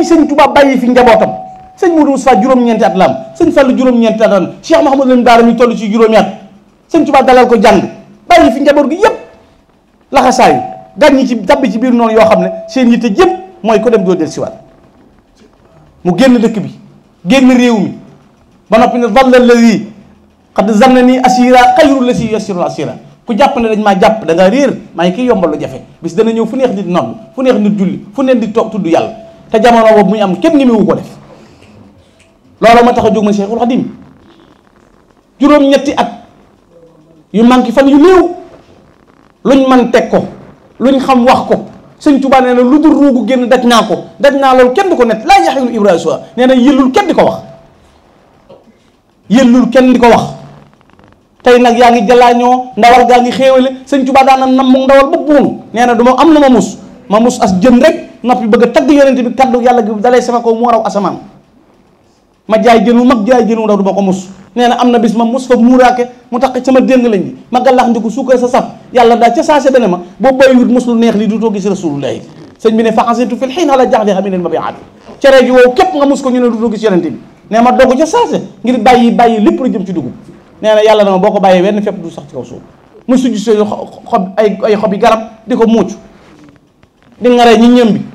ay sëñ Tuubaa bàyyi fi njabootam sëñ Modou Moustapha juróom-ñeenti at la am sëñ Fallu juróom-ñeenti at la am Cheikh Mahamadou Lamine Bara mi toll ci juróomi at sëñ Tuubaa dalal ko jàng bàyyi fi njaboot gi yépp laxasaayu gan ñi ci tabbi ci biir noonu yoo xam ne seen yitte yépp mooy ko dem doo del siwaat mu génn dëkk bi génn réew mi ba noppi ne dalla alladi qad zanna nii asira xayru la si yasiru asira ku jàpp ne dañ maa jàpp da nga réer maa ngi kiy yombal lu jafe bis dana ñëw fu neex nit nodd fu neex nit julli fu neen di toog tudd yàlla te jamono boobu muy am kenn ni mu ko def loolu ma tax a jóg ma Cheikhul Khadim juróom-ñetti at yu manqué fan yu néew luñ man teg ko luñ xam wax ko sëñ Tuubaa nee na lu dul ruugu génn daj naa ko daj naa loolu kenn di ko net laa yaxilu Ibrahima nee na yëllul kenn di ko wax yëllul kenn di ko wax tey nag yaa ngi jalaañoo ndawal gaa ngi xéewale sëñ Tuubaa daana nam mu ndawal ba buunu nee na du ma am na ma mus ma mus as jën rek noppi bëgg tagg yoonent bi kaddu yalla gi dalay sama ko mu raw asaman ma jaay jën mag jaay jën du bako mus neena amna bis ma mus fa muuraake mu tax sama deng lañ ma galax ndiku suukar sa saf yalla da ci saase dana ma boo bay wut mus lu neex li dutoo gis rasulullah señ bi ne hasitu fil hin ala jaxli min al mabi'at ci reej wo kep nga mus ko ñu ne dutoo gis yoonent bi nee ma dogu ci saase ngir bayyi bayyi lepp lu jëm ci dugub neena yalla dama boko bayyi wenn fep du sax ci kaw suuf mu sujj xob ay ay xob yi garab di ko di nga ñi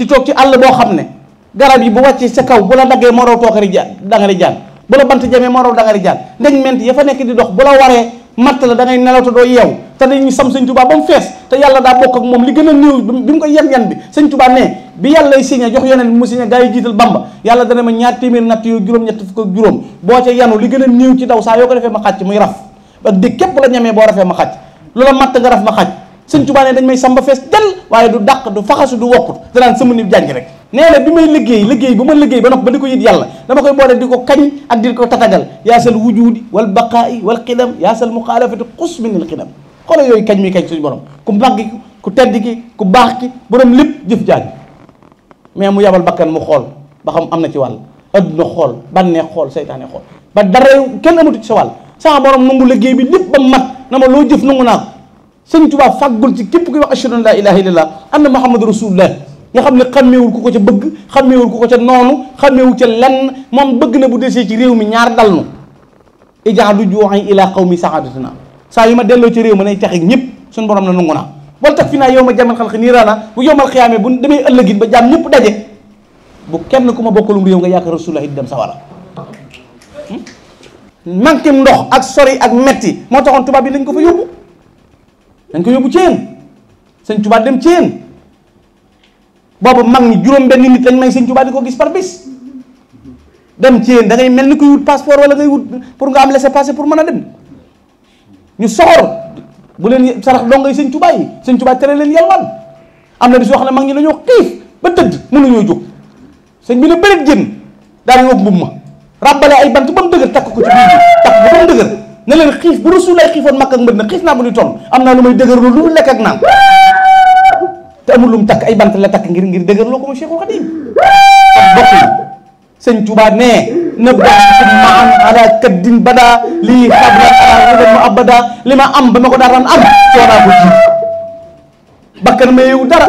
di tok ci all bo xamne ne garab yi bu wàccee ci kaw bu la dagge mo raw tookari jaan da nga di jaan bu la bant jame mo raw da nga di jaan ndeñ ment ya fa nek di dox bu la waré mat la da ngay nelaw do yew te dañuy sam seigne touba bam fess te yàlla bokk ak mom li gëna neew néew ko yam bi seigne touba ne bi yalla lay signé jox yeneen mu signé gaay jital bamba bamba da na ma ñaar timir nat yu juroom ñett fuk ak juróom boo ca yanu li gëna neew ci daw sa yo ko defé ma xacc muy raf ba de kep la ñame bo rafé ma xacc lula mat nga raf ma xacc sëñ Tuubaa ne dañ may samba fees dell waaye du dàq du faxasu du wokkut danaan sama nib jàngi rek nee na bi may liggéey liggéey bu ma liggéey ba nopp ba di ko yit yàlla dama koy boole di ko kañ ak di ko tatagal yaasal wujudi wal baqaa'i wal qidam yaasal muxaalafati xus min al qidam xoolal yooyu kañ mi kañ suñu borom ku màgg ki ku tedd ki ku baax ki borom lépp jëf jàng mais mu yabal bakkan mu xool ba xam am na ci wàll adduna xool bànneex xool seytaane xool ba dara kenn amatu ci sa wàll sama borom nangu liggéey bi lépp ba mat na ma loo jëf nangu naa ko sëñ tubaab fàggul ci képp kuy wax ashhadu an laa ilaaha illallaah anna muhammadu rasulullah nga xam ne xàmmeewul ku ko ca bëgg xàmmeewul ku ko ca noonu xàmmeewul ca lenn moom bëgg na bu desee ci réew mi ñaar dal nu ijaadu juuxan ilaa qawmi saadatina sax yi ma delloo ci réew ma nay texeeg ñëpp suñu borom la nangu naa wala tax fi naa yow ma jamal xalq niiraana bu yomal xiyaame bu demee ëllëgin ba jaam ñëpp daje bu kenn ku ma bokkalum réew nga yaakaar rasulullah di dem sawara hmm? manquém ndox ak sori ak metti moo taxoon tubaab yi lañ ko fa yóbbu dañ ko yóbbu ceen sëñ Tuubaa dem ceen boobu mag ni juróom benn nit lañ may sëñ Tuubaa di ko gis par bis dem ceen da ngay mel ni kuy wut passeport wala ngay wut pour nga am laissez-passer pour mën a dem ñu soxor bu leen sarax dong ngay sëñ Tuubaa yi sëñ Tuubaa tere leen yalwaan am na bis yoo xam ne mag ñi dañoo xiif ba tëdd mënuñoo jóg sëñ bi ne bëreet jën daal di wëpp mbubb ma ràbbale ay bant bam mu dëgër takk ko ci biir takk ko ba dëgër ne leen xiif bu rasul lay xiifoon makk ak mbër na xiif naa bu ñu toll am naa lu may dëgërlu lu lekk ak naan te amul lu mu takk ay bant la takk ngir ngir dëgërloo ko mu Cheikhul Khadim ak bokk yi sëñ na baaxul maan ala kaddin bada lii xabla ala rëbal mu li ma am ba ma ko daan am coonaa ko ji bakkan mayewul dara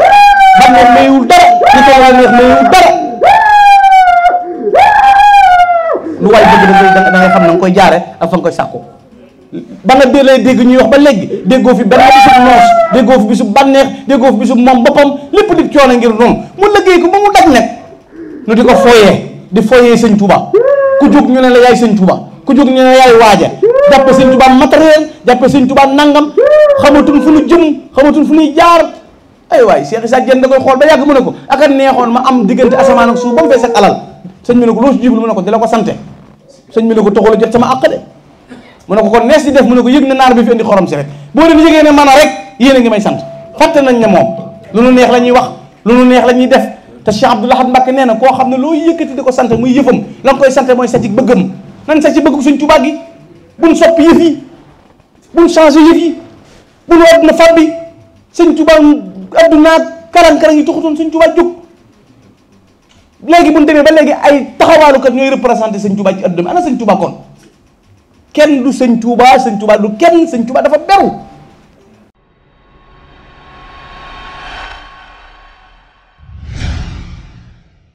bànneex mayewul dara li ko war a neex mayewul dara lu waay bëgg da ngay xam na nga koy jaare ak fa nga koy sàkku ba nga dee lay dégg ñuy wax ba léegi déggoo fi benn bisu noos déggoo fi bisu bànneex déggoo fi bisu moom boppam lépp di coono ngir noonu mu liggéey ko ba mu daj nag nu di ko fooyee di fooyee sëñ Touba ku jóg ñu ne la yaay sëñ Touba ku jóg ñu ne la yaay waaja jàppe sëñ Touba matériel jàppe sëñ Touba nangam xamatuñ fu nu jëm xamatuñ fu nuy jaar ay waay Cheikh Issa Dieng da koy xool ba yàgg mu ne ko ak neexoon ma am diggante asamaan ak suuf ba mu fees ak alal sëñ mi ne ko loo si jublu mu ne ko di la ko sante sëñ bi ne ko taxul a jot sama àq de mu ne ko kon nees di def mu ne ko yëg na naar bi fi indi xorom si rek boo leen yëgee ne man a rek yéen a ngi may sant fàtte nañ ne moom lu nu neex la ñuy wax lu nu neex la ñuy def te Cheikh Abdoul Ahad Mbacké nee na koo xam ne loo yëkkati di ko sant muy yëfam la nga koy sant mooy sa ci bëggam nan sa ci bëgg suñ Tuubaa gi buñ soppi yëf yi buñ changé yëf yi buñ adduna fàbbi sëñ Tuubaa addunaa karan-karan yi tuxutoon suñ Tuubaa jóg léegi buñ demee ba léegi ay taxawaalukat ñooy représenté sëñ Tuubaa ci adduna ana sëñ Tuubaa kon kenn du sëñ Touba sëñ Touba du kenn sëñ Touba dafa beru